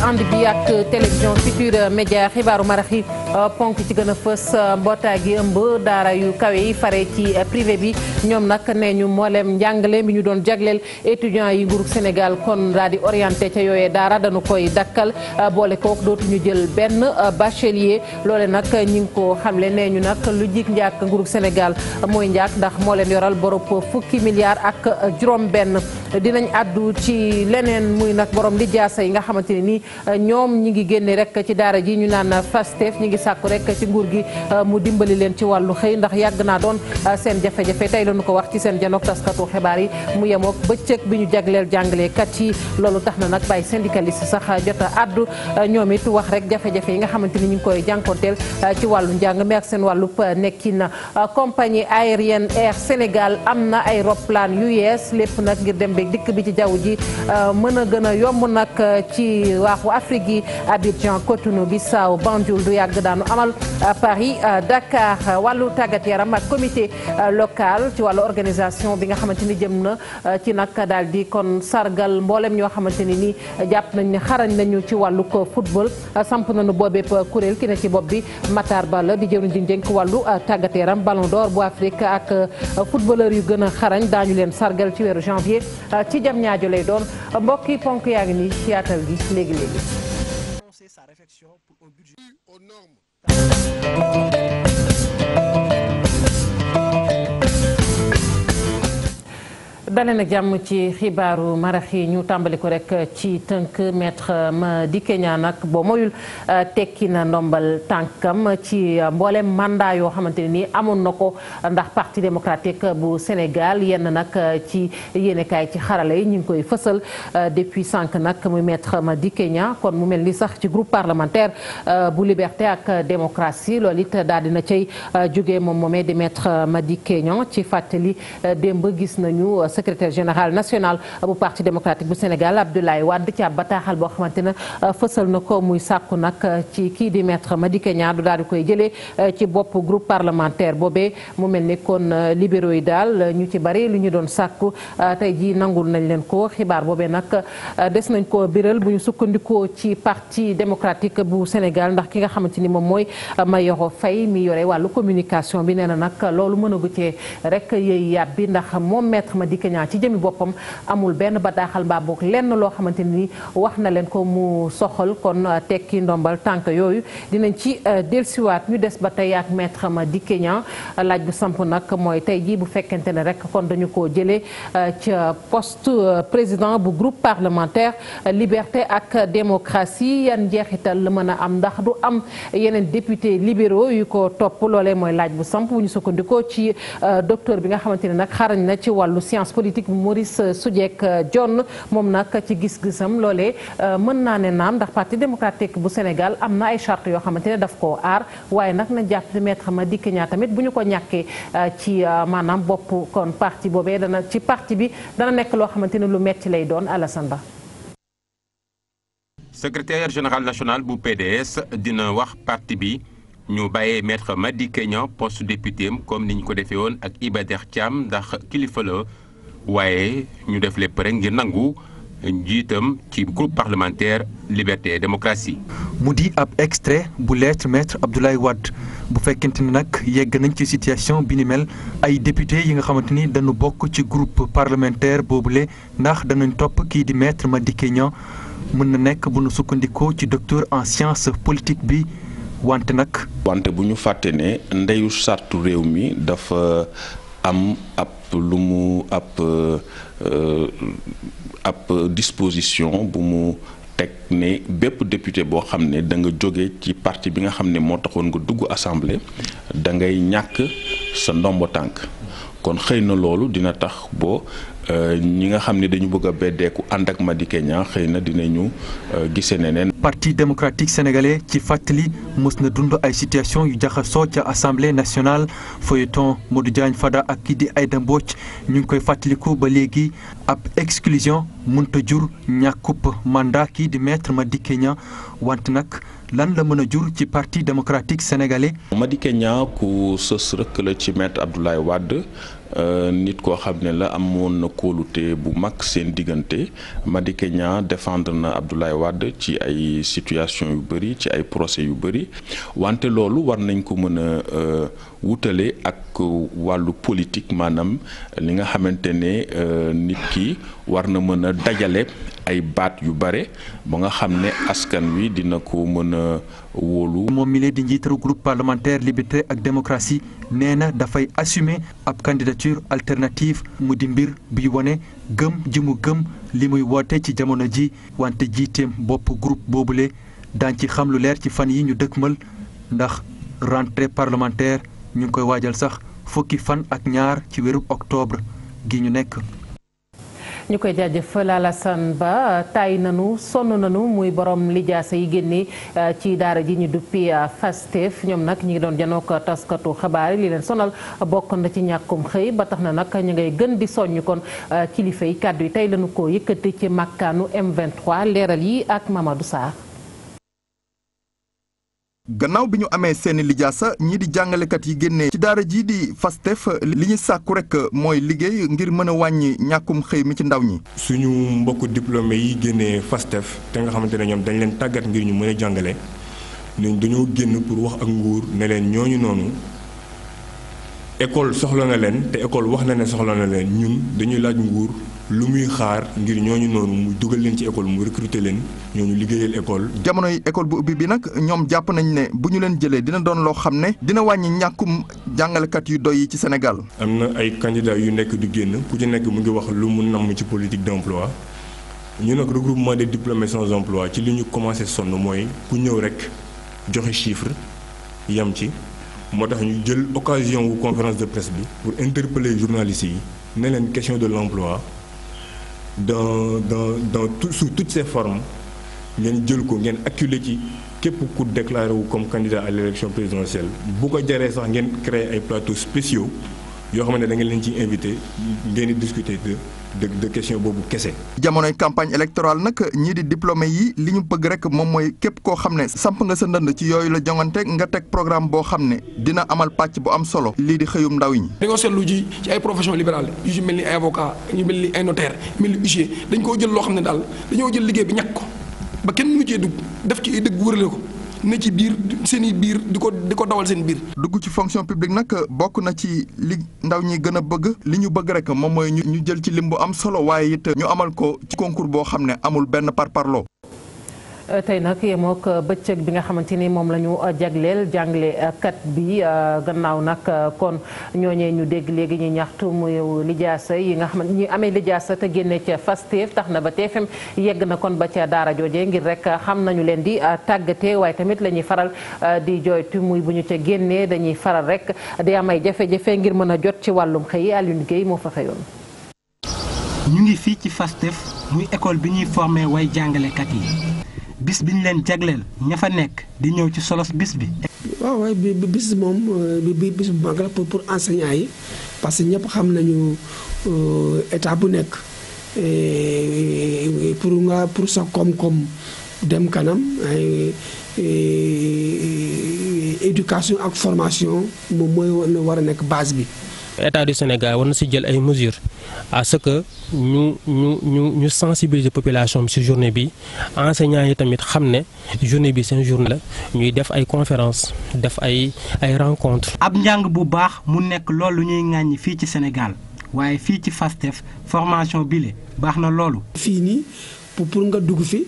ànd bi ak télévision Futurs Médias xibaaru marax yi Euh, ponk ci gën a fës euh, mbootaay gi ëmb daara yu kawe yi fare ci euh, privé bi ñoom nag nee ñu mboolem njàngale bi ñu doon jagleel étudiants yi nguurug Sénégal kon daal di orienté ca yooyee daara dañu koy dakkal boole kook dootuñu jël benn bachelier loole nag ñi ngi ko xamle nee ñu nag lu jik njaak nguurug Sénégal mooy njaak ndax moo leen yoral borob fukki milliards ak juróom benn dinañ addu ci leneen muy nag borom lijaasa yi nga xamante ne ni ñoom ñi ngi génne rek sàkku rek ci nguur gi euh, mu dimbali leen ci wàllu xëy ndax yàgg naa doon euh, seen jafe-jafe tey lañu ko wax ci seen janook taskatu xibaar yi mu yemook bëccëg bi ñu jagleel jàngalekat yi loolu tax na nag bàyyi syndicaliste sax jot a addu euh, ñoom wax rek jafe-jafe yi nga xamante ni ñu koy jànkonteel ci wàllu njàng meek seen wàllub nekkin compagnie aérienne Air Sénégal am na ay roplaan yu yees lépp nag ngir dem beeg dikk bi ci jaww ji mën a gën a yomb nag ci waaxu Afrique yi daanu amal euh, Paris euh, Dakar euh, wàllu tàggat yaram ak comité local ci wàllu organisation bi nga xamante ni jëm na ci nag daal di kon sargal mboolem ñoo xamante ni jàpp nañ ne xarañ nañu ci wàllu ko football samp na nañu boobeeb kuréel ki ne ci bopp bi Matar Ba la di jëwriñ di njënk wàllu tàggat yaram Ballon d'Or bu Afrique ak footballeur yu gën a xarañ daañu leen sargal ci weeru janvier ci jam ñaajo lay doon mbokki ponk yaa ngi nii ci yaatal gi léegi léegi. Música daleen na jàmm ci xibaaru marax ñu tàmbali ko rek ci tënk maître Madické Niang nag boo moyul euh, tekki na ndombal tànkam ci mboolem mandat yoo xamante ne nii amoon na ko ndax parti démocratique bu Sénégal yenn nag euh, ci yéenekaay ci xarala yi ñu ngi koy fësal euh, depuis sànq nag muy ma Madické Niang kon mu mel ni sax ci groupe parlementaire bu liberté ak démocratie loolu it daal na cay jógee moom moomee di ma Madické Niang ci fàttali démb gis nañu. secrétaire général national bu parti démocratique bu Sénégal Abdoulaye Wade ci ab bataaxal boo xamante ne euh, fësal na ko muy sàkku nag euh, ci kii di maître Madické Niang du daal di koy jëlee euh, ci bopp groupe parlementaire boobee mu mel ni kon libéraux yi daal ñu ci bari lu ñu doon sàkku tey ji nangul nañ leen ko xibaar boobee nag des nañ ko biral bu ñu sukkandikoo ci parti démocratique bu Sénégal ndax ki nga xamante ni moom mooy Mayoro Faye mi yore wàllu communication bi nee a enseignant ci jëmi boppam amul benn bataaxal mbaa boog lenn loo xamante ni wax na leen ko mu soxal kon euh, tekki ndombal tànk yooyu dinañ ci euh, dellusiwaat ñu des ba tey ak maître Madické Niang laaj bu samp nag mooy tey jii bu fekkente ne rek kon dañu ko jëlee euh, ca poste président bu groupe parlementaire liberté ak démocratie yan njeexital la mën a am ndax du am yeneen député libéraux yu ko topp loolee mooy laaj bu samp bu ñu sukkandikoo ci docteur bi nga xamante nag xarañ politique bu Maurice Soudieck Dione euh, moom nag ci gis-gisam loole euh, mën naa ne naam ndax parti démocratique bu senegal am na ay charte yoo xamante ne daf koo aar waaye nag na jàpp maître Madické Niang tamit bu ñu ko ñàkkee euh, ci maanaam bopp kon parti boobee dana ci parti bi dana nekk loo xamante ne lu metti lay doon Alassane Ba secrétaire national bu PDS dina wax parti bi ñu bàyyee maître Madické Niang poste député comme ni ko defee woon ak Iba Der ndax kilifa waaye ñu def lépp rek ngir nangu njiitam ci groupe parlementaire liberté démocratie. mu di ab extrait bu lettre maître Abdoulaye Wade bu fekkente ni nag yegg nañ ci situation bi ni mel ay député yi nga xamante ni dañu bokk ci groupe parlementaire boobule ndax danañ topp kii di maitre ma Madické Niang mën na nekk bu nu sukkandikoo ci docteur en science politique bi. wante nag. wante bu ñu fàtte ne ndeyu sartu réew mi dafa am ab lu mu ab euh, ab disposition bu mu teg ne bépp député boo xam ne da nga jóge ci parti bi nga xam ne moo taxoon nga dugg assemblée da ngay ñàkk sa ndombo tànk kon xëy na loolu dina tax boo Euh, ñi nga xam ne dañu bëgg a beddeeku ànd ak Madické Niang xëy na dinañu euh, gise neneen. parti démocratique sénégalais ci fàttali mos na dund ay situation yu jaxasoo ca assemblée nationale feuilleton Modou Diagne Fada ak kii di Aïda Mbodj ñu ngi koy fàttaliku ba léegi ab exclusion mënta jur ñàkkub mandat kii di maître Madické Niang want nag. lan la mën a jur ci parti démocratique sénégalais. Madické Niang ku sës rëkk la ci maître Abdoulaye Wade Euh, nit koo xam ne la amoon na kóolute bu mag seen diggante Madické defendre na Abdoulaye Wade ci ay situation yu bëri ci ay procès yu bëri wante loolu war nañ ko mën a euh, wutale ak wàllu politique maanaam li nga xamante ne euh, nit ki war na mën a dajale ay baat yu bare ba nga xam ne askan wi dina ko mën a wóolu. moom mi leen di njiitaru groupe parlementaire liberté ak démocratie nee na dafay assume ab candidature alternative mu di mbir bi wane gëm ji mu gëm li muy woote ci jamono ji wante jiiteem bopp groupe boobule daan ci xam lu leer ci fan yi ñu dëkkmal ndax rentrée parlementaire ñu ngi koy waajal sax fukki fan ak ñaar ci weru octobre gi ñu nekk. ñu koy jaajëfal Alassane Ba taay nanu sonn nanu muy borom lijaasa yi génne eh, ci daara ji ñu duppi Fastef eh, ñoom nag ñu ngi doon janook taskatu xabaar yi li leen sonal bokk na ci ñàkkum xëy ba tax na nag ñu ngay gën di soññ kon eh, kilifa yi kàddu yi tey lañu ko yëkkati ci màkkaanu M23 leeral yi ak Mamadou saa gannaaw bi ñu amee seeni lijaasa ñii di jàngalekat yi génne ci daara jii di FASTEF li ñu sàkku rek mooy liggéey ngir mën a wàññi ñàkkum xëy mi ci ndaw ñi. suñu mbokku diplômé yi génnee FASTEF te nga xamante ne ñoom dañ leen tàggat ngir ñu mën a jàngale ñun dañoo génn pour wax ak nguur ne leen ñooñu noonu école soxla na leen te école wax na ne soxla na leen ñun dañuy laaj nguur. lu muy xaar ngir ñooñu noonu mu dugal leen ci école mu recruter leen ñooñu liggéeyal école. jamonoy école bu ubbi bi nag ñoom jàpp nañ ne bu ñu leen jëlee dina doon loo xam ne dina wàññi ñàkkum jàngalekat yu doy yi ci Sénégal. am na ay candidats yu nekk du génn ku ci nekk mu ngi wax lu mu namm ci politique d'emploi ñu nag regroupement des diplômés sans emploi ci li ñu commencé sonn mooy ku ñëw rek joxe chiffre yam ci moo tax ñu jël occasion wu conférence de presse bi pour interpeller journalistes yi ne leen question de l'emploi dans dans dans tout sous toutes ses formes ngeen jël ko ngeen acculé ci képp ku déclaré wu comme candidat à l' présidentielle bu ko jaree sax ngeen créé ay plateaux spéciaux yoo xamante ne da ngeen leen ci invité ngeen di discuter de de de question boobu kese. jamonoy campagne électorale nag ñii di diplômé yi li ñu bëgg rek moom mooy képp koo xam ne samp nga sa ndënd ci yooyu la jongante nga teg programme boo xam ne dina amal pàcc bu am solo. lii di xëyum ndaw ñi. dañoo seetlu ji ci ay profession libérale yu ci mel ni ay avocat ñu mel ni ay notaire mel ni huissier dañ koo jël loo xam ne daal dañoo jël liggéey bi ñàkk ko ba kenn mënu cee dugg def ci ay dëgg ko. ne ci biir seen i biir di ko di ko dawal seen biir. dugg ci fonction publique nag bokk na ci li ndaw ñi gën a bëgg li ñu bëgg rek moom mooy ñu jël ci lim bu am solo waaye it ñu amal ko ci concours boo xam ne amul benn par parloo Euh, tey nag yemook euh, bëccëg bi nga xamante ni moom la ñu euh, jagleel jàngalekat bi gannaaw nag kon ñooñee ñu dégg léegi ñu ñaxtu muy lijaasa yi nga xam ñi amee lijaasa te génne ca Pastef tax na ba TFM yegg na kon ba ca daara jooje ngir rek xam nañu leen di tàggate waaye tamit la ñuy faral di jooytu muy bu ñu ca génnee dañuy faral rek di am ay jafe-jafe ngir mën a jot ci wàllum xëy Alioune Guèye moo fa xëyoon. ñu ngi fii ci Pastef muy école bi ñuy formé way jàngalekat yi. bis bi ñu leen jagleel ña fa nekk di ñëw ci solos bis bi. waaw waaye bi bis moom euh, bi bis bu mag la pour pour enseignants yi parce que ñëpp xam nañu euh, état bu nekk pour nga pour sa koom-koom dem kanam ay éducation ak formation moom mooy war a nekk base bi. état du Sénégal war na si jël ay mesures à ce ñu ñu ñu ñu sensibiliser population bi ci journée bi enseignants yi tamit xam ne journée bi seen journée la ñuy def ay conférences def ay ay rencontres. ab njàng bu baax mu nekk loolu ñuy ŋàññi fii ci senegal waaye fii ci FASTEF formation bile baax na loolu. fii nii pour pour nga dugg fi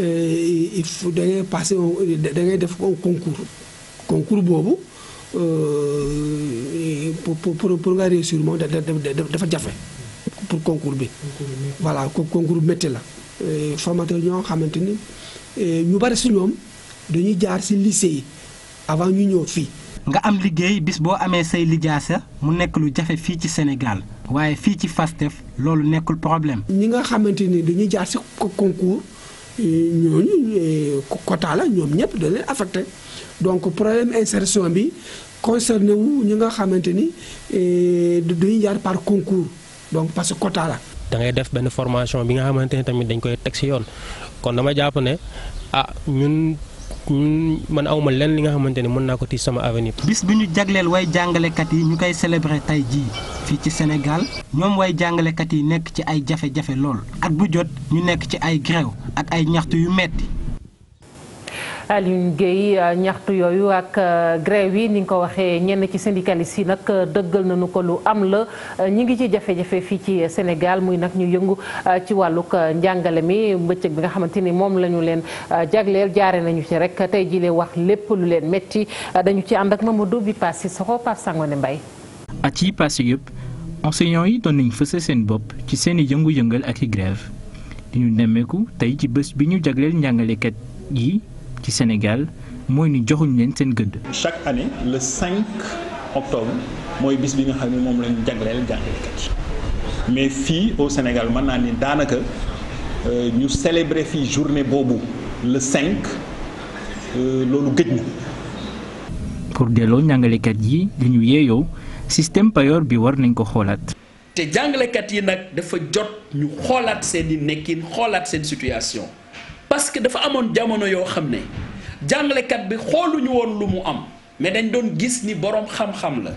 euh, il faut da ngay passer da ngay def concours concours boobu. Euh, pour pour pour nga réussir moom dafa jafe pour concours bi. voilà concours bu métti la. Euh, formateur ñoo xamante ni euh, ñu bari si ñoom dañuy jaar si lycée avant ñu ñëw fii. nga am liggéey bis boo amee say sa mu nekk lu jafe fii ci Sénégal waaye fii ci FASTEF loolu nekkul problème. ñi nga xamante ni dañuy jaar si concours euh, ñooñu quota la ñoom ñëpp da bi concerné wu xamante ni dañuy jaar par concours. donc parce que quota la. def benn formation bi nga xamante ne tamit dañ koy teg ci yoon kon dama jàpp ne ah ñun ñun man awma lenn li nga xamante ne mën naa ko tiis sama avenir. bis bi ñu jagleel way jàngalekat yi ñu koy célébrer tey jii fii ci Sénégal ñoom way jàngalekat yi nekk ci ay jafe-jafe lool at bu jot ñu nekk ci ay grève ak ay ñaxtu yu metti Alioune Guèye ñaxtu yooyu ak euh, grève yi ni nga ko waxee ñenn ci syndicalistes yi nag euh, dëggal nañu ko lu am la euh, ñi ngi ci jafe-jafe fii ci Sénégal muy nag ñu yëngu ci wàlluk njàngale mi bëccëg bi nga xamante ni moom lañu leen jagleel jaare nañu ci rek tey jii leen wax lépp lu leen métti dañu ci ànd ma Mamadou bi paas si soxo Pape Sangone mbay at yi passé yëpp enseignants yi doon nañ fësal seen bopp ci seen i yëngu-yëngal ak i grève ñu nemmeeku tey ci bés bi ñu jagleel njàngalekat yi ci Sénégal mooy ni joxuñ leen seen gëdd. chaque année le 5 octobre mooy bis bi nga xam ne moom lañ jagleel jàngalekat yi mais fii au Sénégal mën naa ni daanaka euh, ñu célébrer fii journée boobu le 5 euh, loolu gëj na. pour delloo njàngalekat yi li ñu yeeyoo système payoor bi war nañ ko xoolaat. te jàngalekat yi nag dafa jot ñu xoolaat seeni nekkin xoolaat seen situation. parce que dafa amoon jamono yoo xam ne jàngalekat bi xooluñu woon lu mu am mais dañ doon gis ni boroom xam-xam la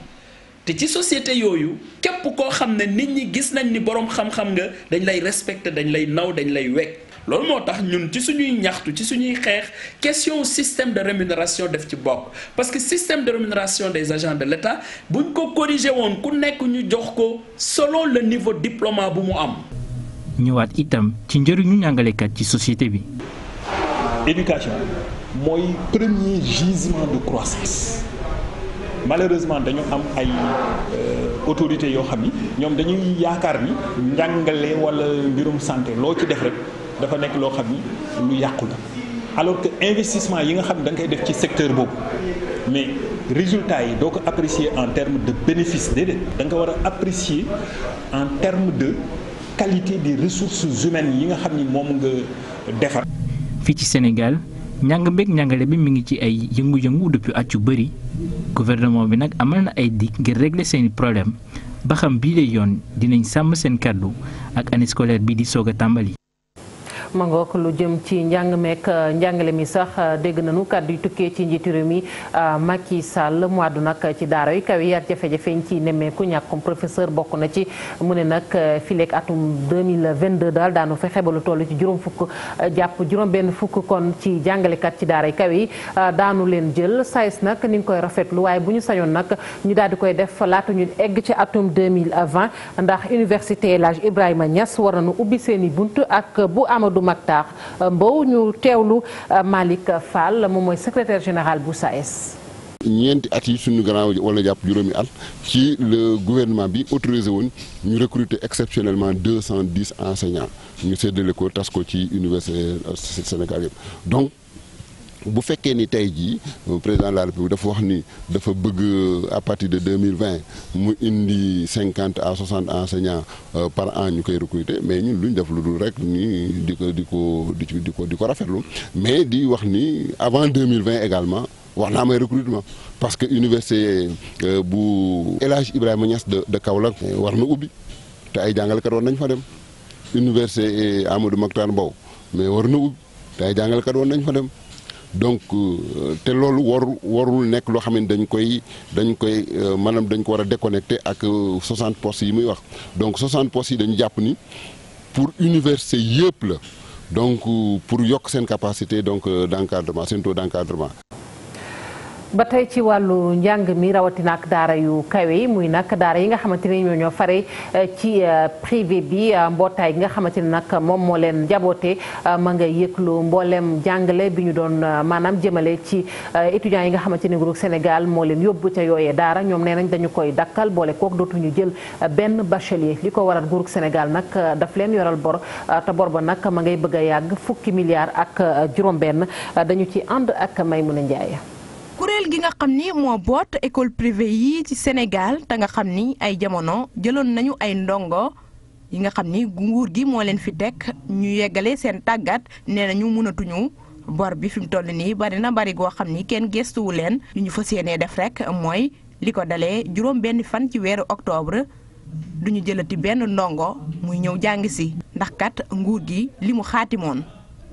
te ci société yooyu képp koo xam ne nit ñi gis nañ ni boroom xam-xam nga dañ lay respecté dañ lay naw dañ lay wekk loolu moo tax ñun ci suñuy ñaxtu ci suñuy xeex question système de rémunération def ci bokk parce que système de rémunération des agents de l'État buñ ko corrigé woon ku nekk ñu jox ko solo la niveau diplôme bu mu am ñëwaat itam ci njëriñu njàngalekat ci société bi. éducation mooy premier gisement de croissance malheureusement dañu am ay euh, autorités yoo xam ni ñoom dañuy yaakaar ni njàngale walla mbirum santé loo ci def rek dafa nekk loo xam ni lu yàqu alors que investissement yi nga xam da nga koy def ci secteur boobu mais. résultats yi doo ko apprécier en termes de bénéfice déedéet da nga war a apprécier en termes de qualité des ressources humaines yi nga xam ni moom nga defar. fii ci Sénégal njàng mbéeg njàngale bi mu ngi ci ay yëngu-yëngu depuis at yu bëri gouvernement bi nag amal na ay dig ngir régler seeni problème ba xam bii lay yoon dinañ sàmm seen kàddu ak année scolaire bi di soog a tàmbali. mangook lu jëm ci njàng meek euh, njàngale mi sax euh, dégg nañu kàddu yu tukkee ci njiitu réew mi euh, Macky Sall mu àddu nag ci daara kaw yi ak jafe-jafe yi ci nemmeeku ñàkkum professeur bokk na ci mu ne nag fileek atum 2022 daal daanu fexe ba lu toll ci juróom fukk jàpp juróom benn fukk kon ci jàngalekat ci daara yu kaw yi daanu leen jël SAES nag ni ngi koy rafetlu waaye bu ñu sañoon nag ñu daal di koy def laata ñu egg ci atum 2020 ndax université El Hadj Ibrahima Niass war nañu ubbi bunt ak Mactar euh, Mbow ñu teewlu euh, Malick Fall moom mooy secrétaire général bu SAES ñeenti at yi suñu gannaaw wala jàpp juróomi at ci le gouvernement bi autorisé woon ñu recruter exceptionnellement deux cent dix enseignants ñu séddale ko tas ko ci université euh, Sénégal yëpp donc bu fekkee ni tey jii euh, président de la république dafa wax ni dafa bëgg euh, à partir de deux mille vingt mu indi cinquante à soixante enseignants euh, par an ñu koy recruter mais ñun lu ñu def lu dul rek nii di ko di ko di ko di ko rafetlu mais di wax ni avant deux mille vingt également wax naa may recrutement parce que université bu élage Hadj Ibrahima Niass de de Kaolack war na ubbi te ay jàngalekat war nañ fa dem université Amadou Mahtar Mbow mais war na ubbi te ay jàngalekat war nañ fa dem. donc euh, te loolu waru warul nekk loo xam ne dañ koy dañ koy euh, maanaam dañ ko war a déconnecté ak 60 euh, postes yi muy wax donc 60 postes yi dañu jàpp ni pour université yëpp la donc pour yokk seen capacité donc d' encadrement seen taux d' ba tey ci wàllu njàng mi rawatina ak daara yu kawe muy nag daara yi nga xamante ne ñoo ñoo fare eh, ci eh, privé bi eh, mbootaay gi nga xamante ne nag moom moo leen njaboote ma nga yëglu mboolem jàngale bi ñu doon maanaam jëmale ci étudiants yi nga xamante ne nguurug Sénégal moo leen yóbbu ca yooye daara ñoom nee nañ dañu koy dakkal boole kook dootuñu jël benn bachelier li ko waral nguurug Sénégal nag daf leen yoral bor te bor ba nag ma ngay bëgg a yàgg fukki milliards ak juróom-benn dañu ci ànd ak Maymuna Njaay kuréel gi nga xam ni moo boot école privée yi ci Sénégal te nga xam ni ay jamono jëloon nañu ay ndongo yi nga xam ni nguur gi moo leen fi teg ñu yeggale seen tàggat nee nañu mënatuñu bor bi fi mu toll nii bari na bari goo xam ni kenn gestuwu leen li ñu fa yéenee def rekk mooy li ko dalee juróom benn fan ci weeru octobre duñu jëlati benn ndongo muy ñëw jàng si ndax kat nguur gi li mu xaatimoon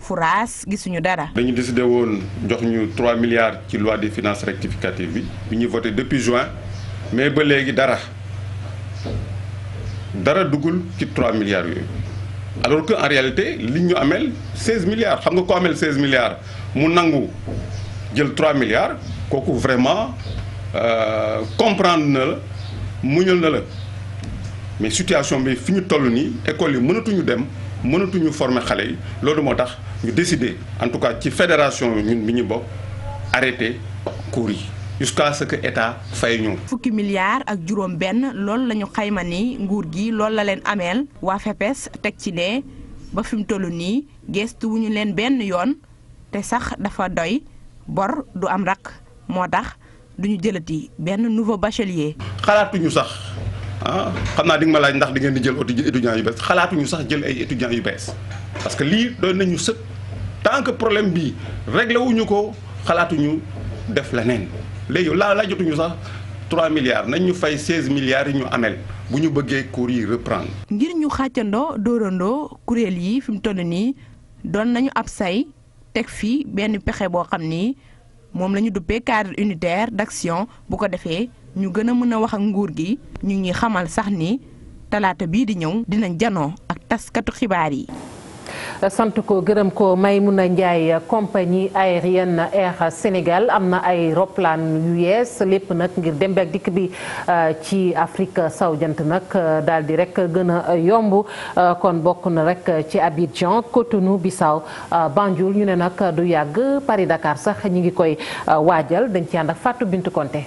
fouraas gisuñu dara. dañu décidé woon jox ñu 3 milliards ci loi des finances rectificative bi bu ñuy votee depuis juin mais ba léegi dara dara duggul ci 3 milliards yooyu alors que en réalité li ñu ameel 16 milliards xam nga ko amel 16 milliards mu nangu jël 3 milliards kooku vraiment euh, comprendre na la muñal na la mais situation bi fi ñu toll nii école yi mënatuñu dem. mënatuñu former xale yi loolu moo tax ñu décider en tout cas ci fédération ñun bi ñu bokk arrêté cours yi jusqu'à ce que état fay ñu. fukki milliards ak juróom benn loolu la ñu xayma ni nguur gi loolu la leen ameel waa FEPES teg ci ne ba fi mu toll nii gestu wu ñu leen benn yoon te sax dafa doy bor du am raq moo tax duñu ñu jëlati benn nouveau bachelier. xalaatuñu sax. ah xam naa di ma laaj ndax di ngeen di jël étudiants yu bees xalaatuñu sax jël ay étudiants yu bees parce que lii doon nañu sëkk tant que problème bii réglé wuñu ko xalaatuñu def leneen léegi laa laa jotuñu sax 3 milliards nañ ñu fay 16 milliards yi ñu ameel bu ñu bëggee cours yi ngir ñu xàccandoo doorandoo kuréel yi fi mu toll nii doon nañu ab say teg fii benn pexe boo xam ni moom lañu ñu dubbee cadre unitaire d' action bu ko defee. ñu gën a mën a wax ak nguur gi ñu ngi xamal sax ni talaata bii di ñëw dinañ janoo ak taskatu xibaar yi. sant ko gërëm ko may Maimouna Ndiaye compagnie aérienne Air Sénégal am na ay roplaan yu yees lépp nag ngir dem ak dikk bi euh, ci Afrique saw jant nag euh, daal di rek gën a yomb euh, kon bokk na rek ci Abidjan Cotonou Bissau Banjul ñu ne nag du yàgg Paris Dakar sax ñi ngi koy waajal dañ ci ànd ak Fatou Bintou Conté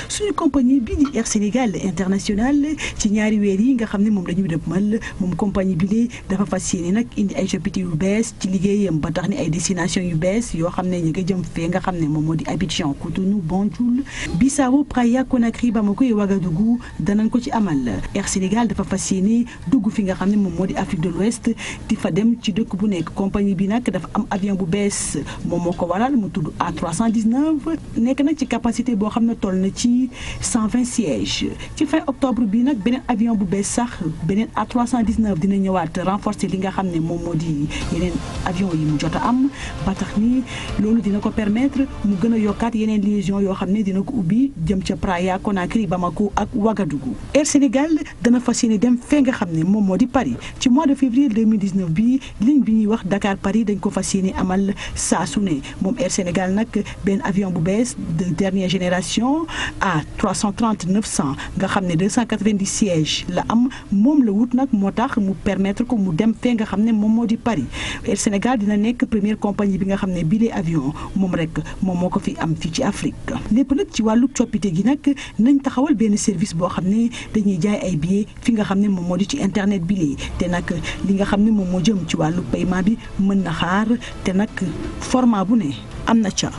suñu compagnie bi di Air Sénégal international ci ñaari weer yi nga xam ne moom la ñu dëppmal moom compagnie bi li dafa fas yéene nag indi ay chapitre yu bees ci liggéeyam ba tax ni ay destination yu bees yoo xam ne ñu nga jëm fee nga xam ne moom moo di Abidjan Cotonou Banjul Bissau Praia Conakry koy yi Ouagadougou danañ ko ci amal Air Sénégal dafa fas yéene dugg fi nga xam ne moom moo di Afrique de l'Ouest di fa dem ci dëkk bu nekk compagnie bi nag dafa am avion bu bees moom moo ko waral mu tudd A319 nekk nag capacité boo xam ne toll na yi 120 sièges ci fin octobre bi nag beneen avion bu bees sax beneen A319 dina ñëwaat renforcer li nga xam ne moom moo di yeneen avion yi mu jot am ba tax ni loolu dina ko permettre mu gën a yokkaat yeneen liaison yoo xam ne dina ko ubbi jëm ca Praia Conakry Bamako ak Ouagadougou Air Sénégal dana fas yéene dem fee nga xam ne moom moo di Paris ci mois de février 2019 bi ligne bi ñuy wax dakaar Paris dañ ko fas yéene amal saa su ne moom Air Sénégal nag benn avion bu bees de dernière génération A 330 900 nga xam ne 290 sièges la am moom la wut nag moo tax mu permettre ko mu dem fee nga xam ne moom moo di Paris Air Sénégal dina nekk première compagnie bi nga xam ne bile avion moom rek moom moo ko fi am fii ci Afrique lépp nag ci wàllu coppite gi nag nañ taxawal benn service boo xam ne dañuy jaay ay billets fi nga xam ne moom moo di ci internet bile te nag li nga xam ne moom moo jëm ci wàllu paiement bi mën na xaar te nag format bu ne am na ca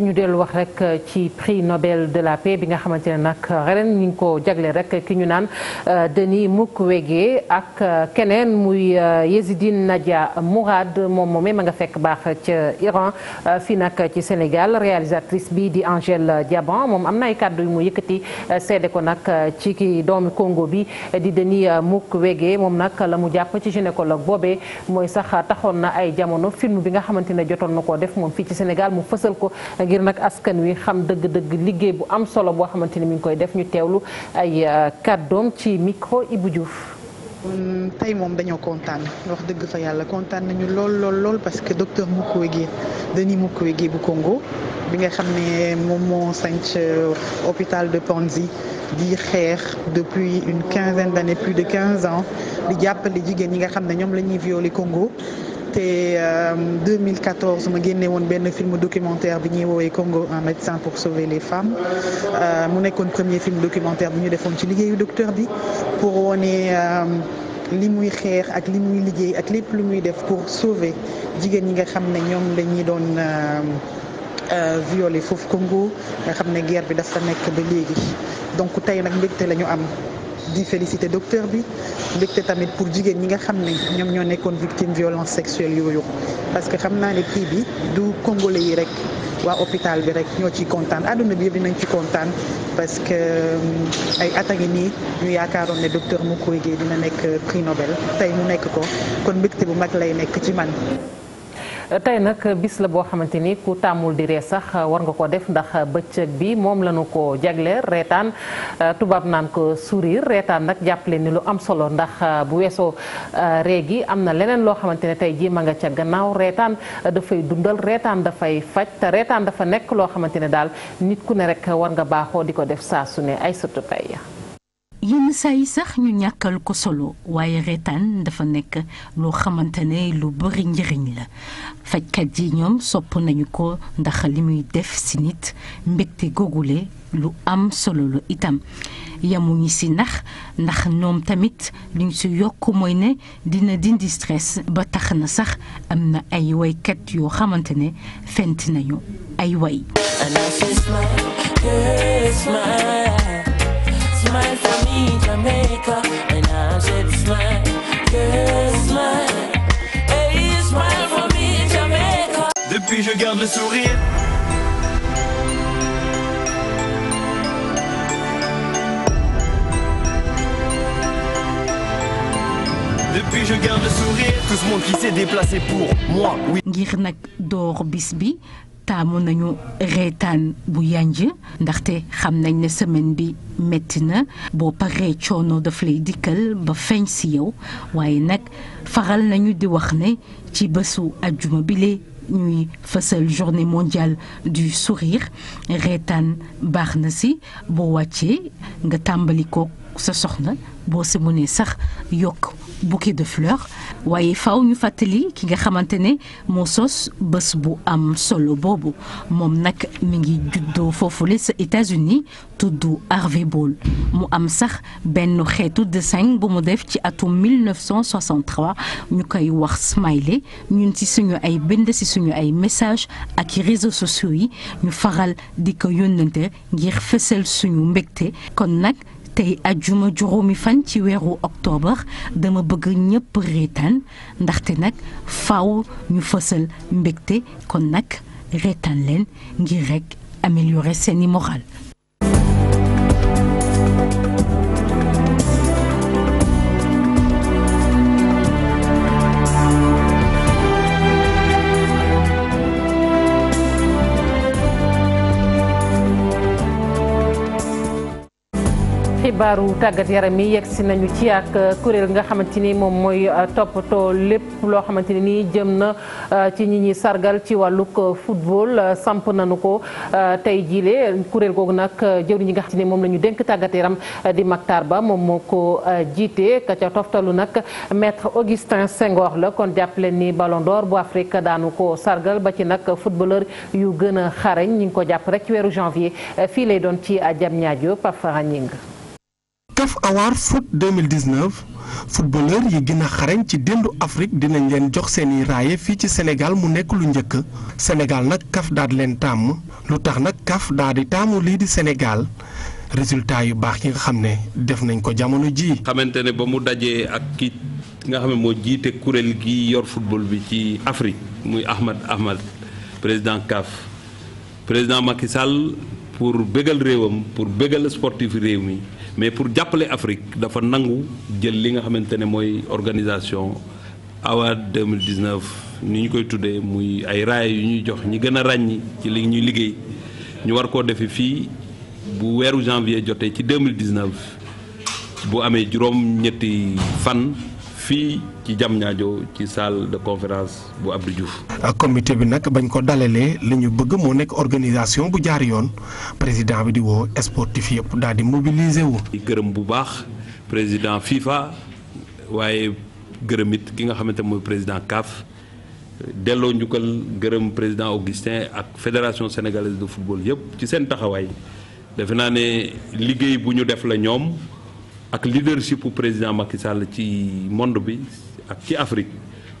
ñu dellu wax rek euh, ci prix Nobel de la paix bi nga xamante ne nag ren ñu ngi ko jagleel rek ki ñu naan euh, Denis Mukwege ak euh, keneen muy Yezidine Nadia Mourad moom moomee ma nga fekk baax ca Iran fii nag ci Sénégal réalisatrice bi di Angèle Diaban moom am na ay kàddu yu mu yëkkati seede ko nag ci ki doomi Congo bi di Denis Mukwege moom nag la mu jàpp ci gynécologue boobee mooy sax taxoon na ay jamono film bi nga xamante ne jotoon na koo def moom fii ci Sénégal mu fësal ko farata ngir nag askan wi xam dëgg-dëgg liggéey bu am solo boo xamante ni mi ngi koy def ñu teewlu ay euh, kàddoom ci micro Ibou Diouf. tey moom dañoo kontaan wax dëgg fa yàlla kontaan nañu lool lool parce que docteur Mukwege Denis Mukwege bu kongo bi nga xam ne moom moo sanc euh, hôpital de Panzi di xeex depuis une quinzaine d'années plus de quinze ans di jàppale jigéen ñi nga xam ne ñoom la ñuy violé Congo. te 2014 euh, ma génne benn film documentaire bi ñuy woowee Congo un médecin pour sauver les femmes euh, mu nekkoon premier film documentaire bi ñu defoon ci liggéeyu docteur bi pour wone euh, li muy xeex ak li muy liggéey ak lépp lu muy def pour sauver jigéen ñi nga xam ne ñoom lañuy doon violé foofu Congo nga xam ne guerre bi sa nekk ba léegi donc tey nag mbégte la ñu am di félicité docteur bi mbégte tamit pour jigéen ñi nga xam ne ñoom ñoo nekkoon victime violence sexuelle yooyu parce que xam naa ne kii bi du congolais yi rek waa hôpital bi rek ñoo ciy kontaan àdduna bi yëpp dinañ ci kontaan parce que ay at a ngi nii ñu yaakaaroon ne docteur Mukwege dina nekk prix Nobel tey mu nekk ko kon mbégte bu mag lay nekk ci man tey nag bis la boo xamante ni ku tàmmul di ree sax war nga ko def ndax bëccëg bi moom la ñu ko jagleel reetaan euh, tubaab naan ko sourire reetaan nag jàppale ni lu am solo ndax euh, bu weesoo euh, ree gi am na leneen loo xamante ne tey jii ma nga ca gannaaw reetaan dafay dundal reetaan dafay faj te reetaan dafa nekk loo xamante ne daal nit ku ne rek war nga baaxoo di ko def saa su ay sottu tey yenn saa yi sax ñu ñàkkal ko solo waaye reetaan dafa nekk loo xamante ne lu bëri njariñ la fajkat yi ñoom sopp nañu ko ndax limuy def ci nit mbégte googule lu am solo lu itam yamuñu ci ndax ndax ñoom tamit liñ si yokk mooy ne dina dindi stress ba tax na sax am na ay waykat yoo xamante ne fent nañu ay way me Jamaica and I said smile, yeah smile Hey smile for me Jamaica Depuis je garde le sourire Depuis je garde le sourire Tout ce monde qui s'est déplacé pour moi, oui Ngir nag door bis bi taamu nañu reetaan bu yanj ndaxte xam nañ ne semaine bi metti na boo paree coono daf lay dikkal ba feeñ si yow waaye nag faral nañu di wax ne ci bésu ajjuma bile ñuy fësal journée mondiale du sourire reetaan baax na si boo wàccee nga tàmbali ko sa soxna boo si mënee sax yokk bouquet de fleurs waaye faw ñu fàttali ki nga xamante ne moo sos bés bu am solo boobu moom nag mi ngi juddoo foofule sa États-Unis tudd Harvey Ball mu am sax benn xeetu dessin bu mu def ci atum 1963 ñu koy wax smiley ñun ci suñu ay bind ci suñu ay message ak réseau sociaux yi ñu faral di ko yónnante ngir fësal suñu mbégte kon nag tey ajjuma juróomi fan ci weeru octobre dama bëgg ñëpp reetaan ndaxte nag faw ñu fësal mbegte kon nag reetaan leen ngir rek améliorer seeni moral xibaaru tàggat yaram yi yegg si nañu ci ak uh, kuréel nga xamante ni moom mooy uh, tool lépp loo xamante ni nii jëm na uh, ci ñi ñuy sargal ci wàllug football samp nañu ko tey jiile kuréel googu nag jëwriñ ñi nga xamante ni moom la ñu dénk tàggat yaram di Mactar Ba moom moo ko jiite ka ca toftalu nag maître Augustin sengoor la kon jàppale ni Ballon d'Or bu Afrique daanu ko sargal ba ci nag footballeur yu gën a xarañ ñu ngi ko jàpp rek ci weeru janvier fii lay doon ci Diamniadio Pape Farah Gningue CAF Award foot 2019 footballeur yi gën a xarañ ci déndu Afrique dinañ leen jox seeni raaye fii ci Sénégal mu nekk lu njëkk Sénégal nag CAF daal leen tàmm lu tax nag CAF daal di tàmmu lii di senegaal résultat yu baax yi nga xam ne def nañ ko jamono jii. xamante ne ba mu dajee ak kiit nga xam ne moo jiite kuréel gi yor football bi ci Afrique muy Ahmad Ahmad président CAF président Macky Sall pour bégal réewam pour bégal sportif réew mi. mais pour jàppale Afrique dafa nangu jël li nga xamante ne mooy organisation AWAD 2019 ni ñu koy tuddee muy ay raaya yu ñuy jox ñi gën a ràññi ci li ñuy liggéey ñu war koo defee fii bu weeru janvier jotee ci 2019 bu amee juróom ñetti fan fii ci jam Diamniadio ci salle de conférence bu Abdou Diouf. comité bi nag bañ ko dalalee li ñu bëgg moo nekk organisation bu jaar yoon président bi di woo sportif yëpp daal di mobiliser wu. di gërëm bu baax président FIFA waaye gërëm it ki nga xamante mooy président CAF delloo njukkal gërëm président Augustin ak fédération sénégalaise de football yëpp ci seen taxawaay defe naa ne liggéey bu ñu def la ñoom. ak leadership président Macky Sall ci monde bi ak ci Afrique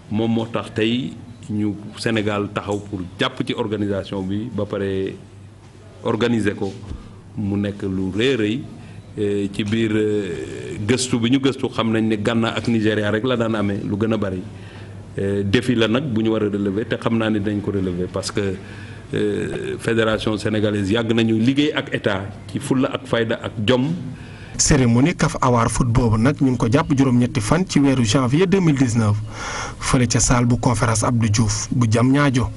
moom moo tax tey ñu Sénégal taxaw pour jàpp ci organisation bi ba pare organiser ko mu nekk lu rëy rëy eh, ci biir eh, gëstu bi ñu gëstu xam nañ ne Ghana ak Nigéria rek la daan amee lu gën a bari eh, défi la nag bu ñu war a te xam naa ni dañ ko relever parce que fédération sénégalaise yàgg nañu liggéey ak état ci fulla ak fayda ak jom cérémonie CAF Award foot boobu nag ñu ngi ko jàpp juróom-ñetti fan ci weeru janvier 2019 fële ca salle bu ab du Diouf bu jam ñaajo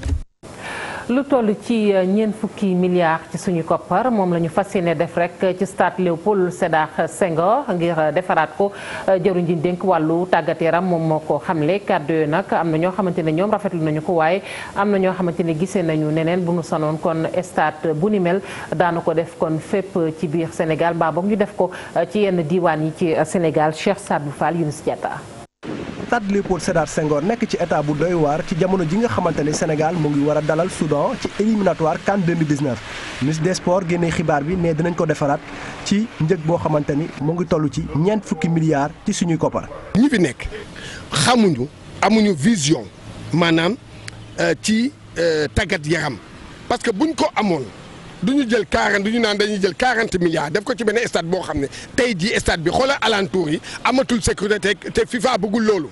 lu toll ci euh, ñeent fukki milliards ci suñu koppar moom la ñu fas yéene def rek ci stade Léopold Sédar Senghor ngir defaraat ko euh, jëruñ ji dénk wàllu tàggat yaram moom moo ko xamle kàddu yooyu nag am na ñoo xamante ne ñoom rafetlu nañu ko waaye am na ñoo xamante ne gisee nañu neneen bu ñu sonoon kon stade bu ni mel daanu ko def kon fépp ci biir Sénégal mbaa boog ñu def ko euh, ci yenn diiwaan yi ci Sénégal Cheikh Sadou Fall Younis Diatta stade Léopold Sédar Senghor nekk ci état bu doy waar ci jamono ji nga xamante ne Sénégal mu ngi war a dalal Soudan ci éliminatoire CAN 2019 ministre des sports génnee xibaar bi ne dinañ ko defaraat ci njëg boo xamante ni mu ngi tollu ci ñeent fukki milliards ci suñuy koppar. ñi fi nekk xamuñu amuñu vision maanaam euh, ci euh, tàggat yaram parce que buñ ko amoon. du ñu jël quarante du ñu naan dañuy jël quarante milliards def ko ci benn stade boo xam ne tey jii stade bi xoolal alentour yi amatul sécurité te FIFA bëggul loolu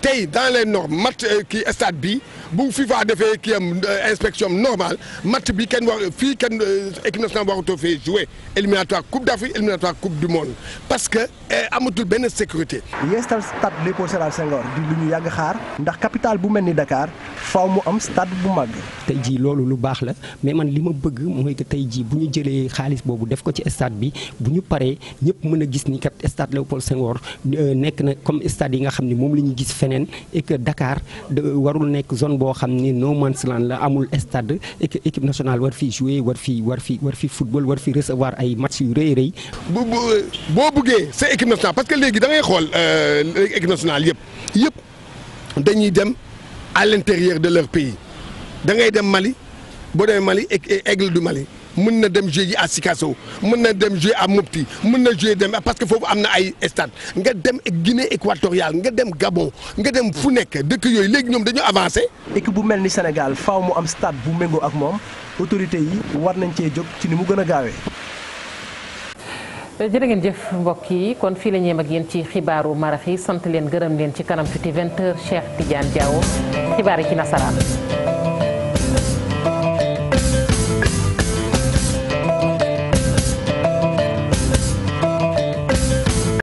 tey dans les normes match euh, kii stade bi bu FIFA defee kii am euh, inspection normale match bi kenn war fii kenn euh, équipe nationale warutoo fee jouer éliminatoire coupe d'Afrique éliminatoire coupe du monde parce que euh, amatul benn sécurité. yeestal stade Léopold Sédar Senghor di lu ñu yàgg xaar ndax capital bu mel ni Dakar faaw mu am stade bu mag. tey jii loolu lu baax la mais man li ma bëgg mooy que tey jii bu ñu jëlee xaalis boobu def ko ci stade bi bu ñu paree ñëpp mën a gis ni kat stade Léopold Senghor nekk na comme stade yi nga xam ne moom la ñu gis feneen et que Dakar warul nekk zone. boo xam ni no man's land la amul stade équipe nationale war fi jouer war fi war fi war fi football war fi recevoir ay match yu rëy rëy. bu boo buggee sa équipe nationale parce que léegi dangay xool euh, équipe nationale yëpp yëpp dañuy dem à l'intérieur de leur pays da ngay dem Mali boo demee Mali aigle du Mali. mën na dem jouer ji à Sikasso mën na dem jouer à Mopti mën na jouer dem parce que foofu am na ay stade nga dem Guinée équatoriale nga dem Gabon nga dem fu nekk dëkk yooyu léegi ñoom dañoo avancé. équipe bu mel ni Sénégal faaw mu am stade bu méngoo ak moom autorité yi war nañ cee jóg ci ni mu gën a gaawee. jërë ngeen jëf mbokk yi kon fii la ñuy yem ak ci xibaaru marax yi sant leen gërëm leen ci kanam tuuti 20h Cheikh Tidiane xibaar yi ci nasaraan.